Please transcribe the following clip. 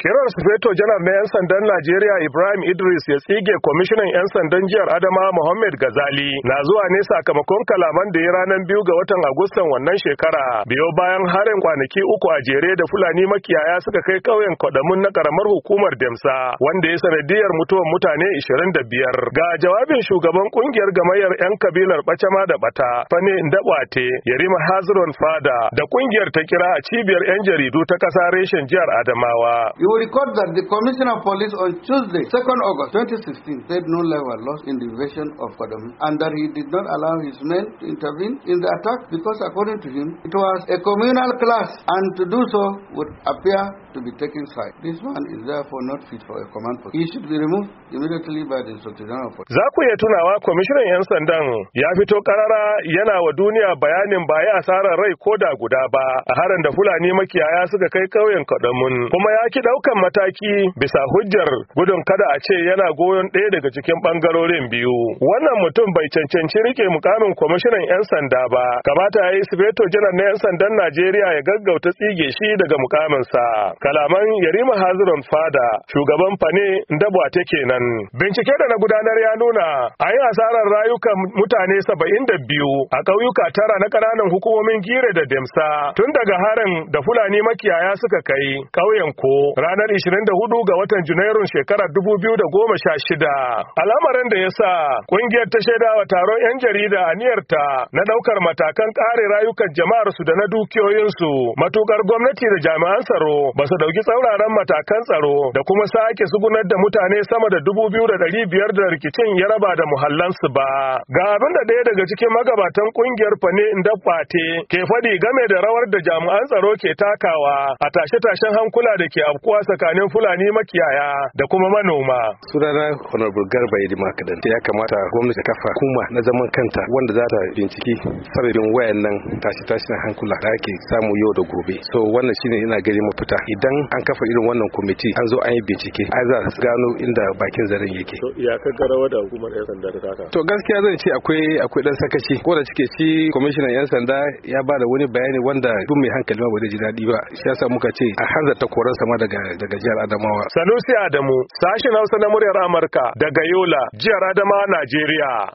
su sufeto janar na 'yan sandan najeriya ibrahim idris ya tsige kwamishinan 'yan sandan jihar adama Muhammad gazali na zuwa ne sakamakon kalaman da ya ranar biyu ga watan agustan wannan shekara biyo bayan harin kwanaki uku a jere da fulani makiyaya suka kai ƙauyen kwadamun na karamar hukumar demsa wanda ya sanadiyar mutuwar mutane 25 ga jawabin shugaban ƙungiyar gamayyar 'yan kabilar bacama da bata fane ndabwate yarima hazron fada da ƙungiyar ta kira a cibiyar 'yan jaridu ta ƙasa reshen jihar adamawa You record that the Commissioner of Police on Tuesday, 2nd August 2016, said no lives were lost in the invasion of Kadam and that he did not allow his men to intervene in the attack because, according to him, it was a communal clash and to do so would appear to be taken side. This man is therefore not fit for a command post. He should be removed immediately by the inspector general. Za ku iya tunawa kwamishinan 'yan sandan ya fito karara yana wa duniya bayanin ba ya asarar rai ko da guda ba a harin da Fulani makiyaya suka kai ƙauyen Kaɗamun kuma ya ki ɗaukan mataki bisa hujjar gudun kada a ce yana goyon ɗaya daga cikin ɓangarorin biyu. Wannan mutum bai cancanci rike mukamin kwamishinan 'yan sanda ba kamata ya yi sifeto janar na 'yan sandan Najeriya ya gaggauta tsige shi daga mukaminsa. kalaman yarima haziran fada shugaban fane dabwa ta kenan bincike da na gudanar ya nuna a yi asarar rayukan mutane saba'in da biyu a ƙauyuka tara na ƙananan hukumomin gire da demsa tun daga harin da fulani makiyaya suka kai ƙauyen ko ranar 24 ga watan junairun shekarar 2016 al'amarin da ya sa ƙungiyar ta shaidawa taron 'yan jarida aniyarta na ɗaukar matakan ƙare rayukan jama'ar su da na dukiyoyinsu matukar gwamnati da jami'an tsaro ba su dauki tsauraran matakan tsaro da kuma sake sugunar da mutane sama da dubu biyu da ɗari biyar da rikicin ya raba da muhallansu ba. Ga abin da ɗaya daga cikin magabatan ƙungiyar Fane Ndafate ke faɗi game da rawar da jami'an tsaro ke takawa a tashe-tashen hankula da ke afkuwa tsakanin Fulani makiyaya da kuma manoma. Sunana Honorable Garba Idima Kadan ya kamata gwamnati ta kafa kuma na zaman kanta wanda za ta binciki sarrafin wayannan tashe-tashen hankula da ake samu yau da gobe. So wannan shine ina gari mafita idan an kafa irin wannan kwamiti an zo an yi bincike a za su gano inda bakin zaren yake to ya ka da hukumar yan sanda ta kaka? to gaskiya zan ce akwai akwai dan sakaci ko da cike shi kwamishinan yan sanda ya ba da wani bayani wanda duk mai hankali ma ba zai ji daɗi ba shi yasa muka ce a hanzarta koran sama daga daga jihar Adamawa Sanusi Adamu sashin Hausa na muryar Amurka daga Yola jihar Adamawa Najeriya